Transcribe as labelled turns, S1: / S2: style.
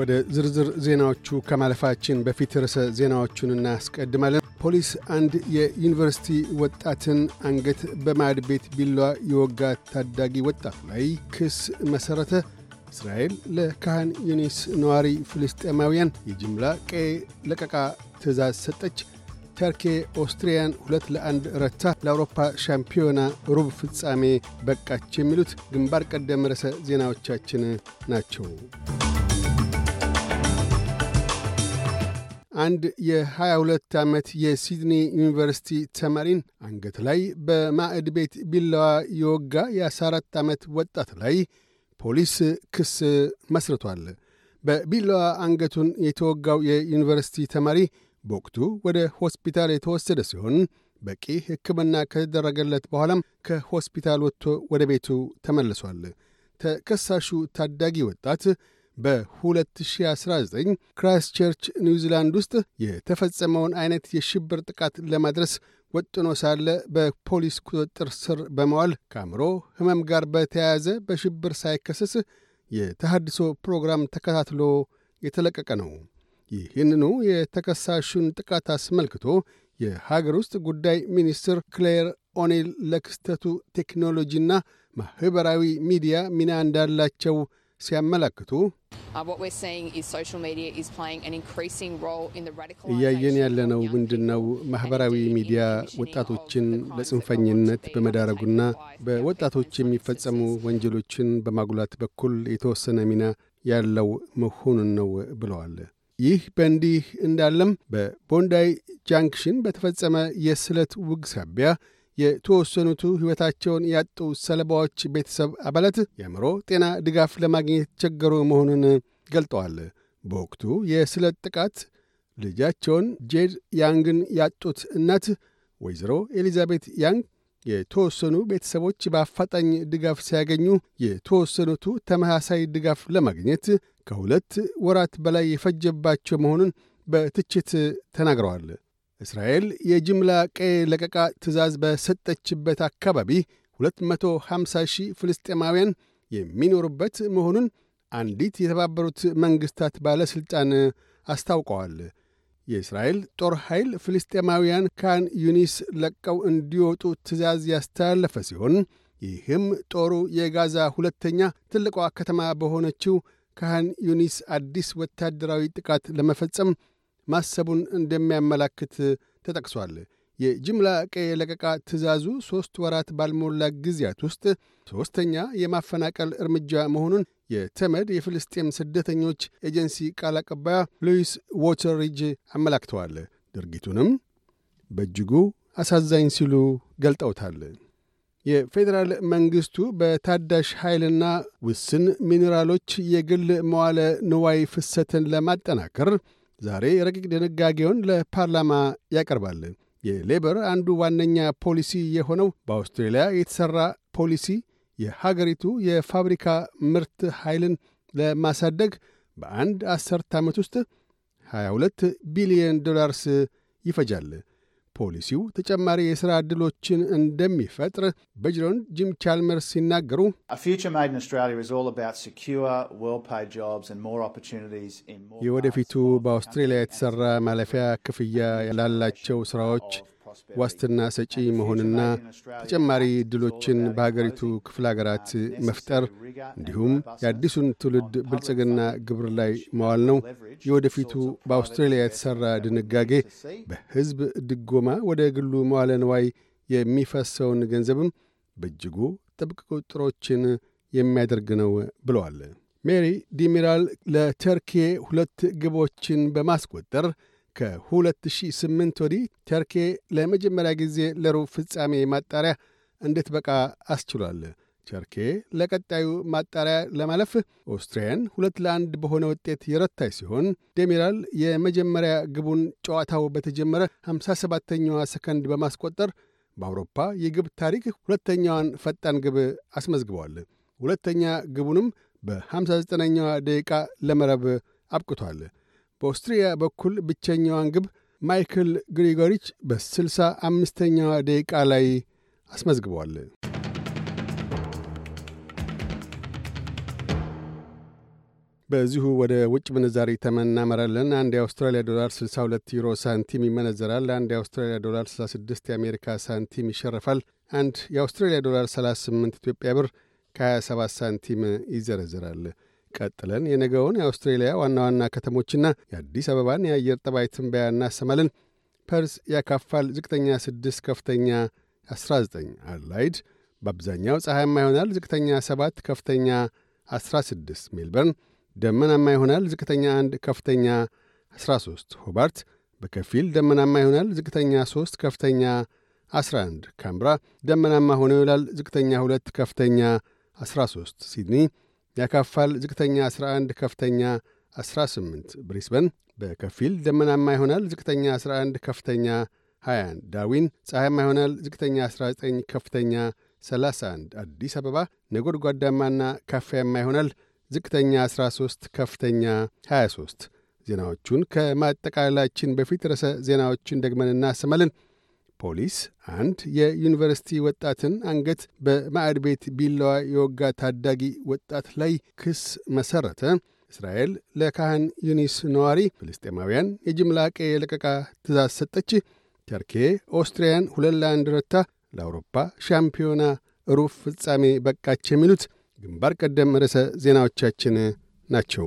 S1: ወደ ዝርዝር ዜናዎቹ ከማለፋችን በፊት ርዕሰ ዜናዎቹን እናስቀድማለን። ፖሊስ አንድ የዩኒቨርሲቲ ወጣትን አንገት በማዕድ ቤት ቢሏ የወጋ ታዳጊ ወጣቱ ላይ ክስ መሠረተ። እስራኤል ለካህን ዩኒስ ነዋሪ ፍልስጤማውያን የጅምላ ቀይ ለቀቃ ትእዛዝ ሰጠች። ተርኬ ኦስትሪያን ሁለት ለአንድ ረታ። ለአውሮፓ ሻምፒዮና ሩብ ፍጻሜ በቃች። የሚሉት ግንባር ቀደም ርዕሰ ዜናዎቻችን ናቸው። አንድ የ22 ዓመት የሲድኒ ዩኒቨርሲቲ ተማሪን አንገት ላይ በማዕድ ቤት ቢላዋ የወጋ የ14 ዓመት ወጣት ላይ ፖሊስ ክስ መስርቷል። በቢላዋ አንገቱን የተወጋው የዩኒቨርሲቲ ተማሪ በወቅቱ ወደ ሆስፒታል የተወሰደ ሲሆን በቂ ሕክምና ከተደረገለት በኋላም ከሆስፒታል ወጥቶ ወደ ቤቱ ተመልሷል። ተከሳሹ ታዳጊ ወጣት በ2019 ቸርች ኒውዚላንድ ውስጥ የተፈጸመውን አይነት የሽብር ጥቃት ለማድረስ ወጥኖ ሳለ በፖሊስ ቁጥጥር ስር በመዋል ከአእምሮ ህመም ጋር በተያያዘ በሽብር ሳይከሰስ የተሃድሶ ፕሮግራም ተከታትሎ የተለቀቀ ነው። ይህንኑ የተከሳሹን ጥቃት አስመልክቶ የሀገር ውስጥ ጉዳይ ሚኒስትር ክሌር ኦኔል ለክስተቱ ቴክኖሎጂና ማኅበራዊ ሚዲያ ሚና እንዳላቸው ሲያመላክቱ uh, እያየን ያለነው ነው? ማኅበራዊ ሚዲያ ወጣቶችን ለጽንፈኝነት በመዳረጉና በወጣቶች የሚፈጸሙ ወንጀሎችን በማጉላት በኩል የተወሰነ ሚና ያለው መሆኑን ነው ብለዋል። ይህ በእንዲህ እንዳለም በቦንዳይ ጃንክሽን በተፈጸመ የስለት ውግ ሳቢያ የተወሰኑቱ ሕይወታቸውን ያጡ ሰለባዎች ቤተሰብ አባላት የአእምሮ ጤና ድጋፍ ለማግኘት ቸገሩ መሆኑን ገልጠዋል። በወቅቱ የስለት ጥቃት ልጃቸውን ጄድ ያንግን ያጡት እናት ወይዘሮ ኤሊዛቤት ያንግ የተወሰኑ ቤተሰቦች በአፋጣኝ ድጋፍ ሲያገኙ የተወሰኑቱ ተመሳሳይ ድጋፍ ለማግኘት ከሁለት ወራት በላይ የፈጀባቸው መሆኑን በትችት ተናግረዋል። እስራኤል የጅምላ ቀይ ለቀቃ ትዕዛዝ በሰጠችበት አካባቢ 250 ሺህ ፍልስጤማውያን የሚኖሩበት መሆኑን አንዲት የተባበሩት መንግሥታት ባለሥልጣን አስታውቀዋል። የእስራኤል ጦር ኃይል ፍልስጤማውያን ካን ዩኒስ ለቀው እንዲወጡ ትእዛዝ ያስተላለፈ ሲሆን ይህም ጦሩ የጋዛ ሁለተኛ ትልቋ ከተማ በሆነችው ካህን ዩኒስ አዲስ ወታደራዊ ጥቃት ለመፈጸም ማሰቡን እንደሚያመላክት ተጠቅሷል። የጅምላ ቀይ ለቀቃ ትዕዛዙ ሦስት ወራት ባልሞላ ጊዜያት ውስጥ ሦስተኛ የማፈናቀል እርምጃ መሆኑን የተመድ የፍልስጤም ስደተኞች ኤጀንሲ ቃል አቀባይ ሉዊስ ዎተርጅ አመላክተዋል። ድርጊቱንም በእጅጉ አሳዛኝ ሲሉ ገልጠውታል። የፌዴራል መንግሥቱ በታዳሽ ኃይልና ውስን ሚኔራሎች የግል መዋለ ንዋይ ፍሰትን ለማጠናከር ዛሬ ረቂቅ ድንጋጌውን ለፓርላማ ያቀርባል። የሌበር አንዱ ዋነኛ ፖሊሲ የሆነው በአውስትሬልያ የተሠራ ፖሊሲ የሀገሪቱ የፋብሪካ ምርት ኃይልን ለማሳደግ በአንድ አሠርተ ዓመት ውስጥ 22 ቢሊዮን ዶላርስ ይፈጃል። ፖሊሲው ተጨማሪ የሥራ ዕድሎችን እንደሚፈጥር በጅሮን ጂም ቻልመርስ ሲናገሩ የወደፊቱ በአውስትሬልያ የተሠራ ማለፊያ ክፍያ ላላቸው ሥራዎች ዋስትና ሰጪ መሆንና ተጨማሪ ዕድሎችን በሀገሪቱ ክፍለ ሀገራት መፍጠር እንዲሁም የአዲሱን ትውልድ ብልጽግና ግብር ላይ መዋል ነው። የወደፊቱ በአውስትራሊያ የተሠራ ድንጋጌ በሕዝብ ድጎማ ወደ ግሉ መዋለ ንዋይ የሚፈሰውን ገንዘብም በእጅጉ ጥብቅ ቁጥሮችን የሚያደርግ ነው ብለዋል። ሜሪ ዲሚራል ለተርኬ ሁለት ግቦችን በማስቆጠር ከ2008 ወዲህ ተርኬ ለመጀመሪያ ጊዜ ለሩብ ፍጻሜ ማጣሪያ እንድትበቃ አስችሏል። ቸርኬ ለቀጣዩ ማጣሪያ ለማለፍ ኦስትሪያን ሁለት ለአንድ በሆነ ውጤት የረታች ሲሆን ደሚራል የመጀመሪያ ግቡን ጨዋታው በተጀመረ 57ተኛዋ ሰከንድ በማስቆጠር በአውሮፓ የግብ ታሪክ ሁለተኛዋን ፈጣን ግብ አስመዝግቧል። ሁለተኛ ግቡንም በ59ኛዋ ደቂቃ ለመረብ አብቅቷል። በኦስትሪያ በኩል ብቸኛዋን ግብ ማይክል ግሪጎሪች በስልሳ አምስተኛዋ ደቂቃ ላይ አስመዝግቧል። በዚሁ ወደ ውጭ ምንዛሪ ተመናመራለን። አንድ የአውስትራሊያ ዶላር 62 ዩሮ ሳንቲም ይመነዘራል። አንድ የአውስትራሊያ ዶላር 66 የአሜሪካ ሳንቲም ይሸረፋል። አንድ የአውስትራሊያ ዶላር 38 ኢትዮጵያ ብር ከ27 ሳንቲም ይዘረዝራል። ቀጥለን የነገውን የአውስትሬልያ ዋና ዋና ከተሞችና የአዲስ አበባን የአየር ጠባይ ትንበያ እናሰማልን። ፐርስ ያካፋል። ዝቅተኛ 6 ከፍተኛ 19። አድላይድ በአብዛኛው ፀሐያማ ይሆናል። ዝቅተኛ 7 ከፍተኛ 16። ሜልበርን ደመናማ ይሆናል። ዝቅተኛ 1 ከፍተኛ 13። ሆባርት በከፊል ደመናማ ይሆናል። ዝቅተኛ 3 ከፍተኛ 11። ካምብራ ደመናማ ሆኖ ይውላል። ዝቅተኛ 2 ከፍተኛ 13። ሲድኒ ያካፋል። ዝቅተኛ 11፣ ከፍተኛ 18። ብሪስበን በከፊል ደመናማ ይሆናል። ዝቅተኛ 11፣ ከፍተኛ 21። ዳዊን ፀሐያማ ይሆናል። ዝቅተኛ 19፣ ከፍተኛ 31። አዲስ አበባ ነጎድጓዳማና ካፋያማ ይሆናል። ዝቅተኛ 13፣ ከፍተኛ 23። ዜናዎቹን ከማጠቃለላችን በፊት ርዕሰ ዜናዎችን ደግመን እናሰማለን። ፖሊስ አንድ የዩኒቨርሲቲ ወጣትን አንገት በማዕድ ቤት ቢላዋ የወጋ ታዳጊ ወጣት ላይ ክስ መሠረተ። እስራኤል ለካህን ዩኒስ ነዋሪ ፍልስጤማውያን የጅምላ ቀይ የለቀቃ ትእዛዝ ሰጠች። ተርኬ ኦስትሪያን ሁለት ለአንድ ረታ። ለአውሮፓ ሻምፒዮና ሩብ ፍጻሜ በቃች። የሚሉት ግንባር ቀደም ርዕሰ ዜናዎቻችን ናቸው።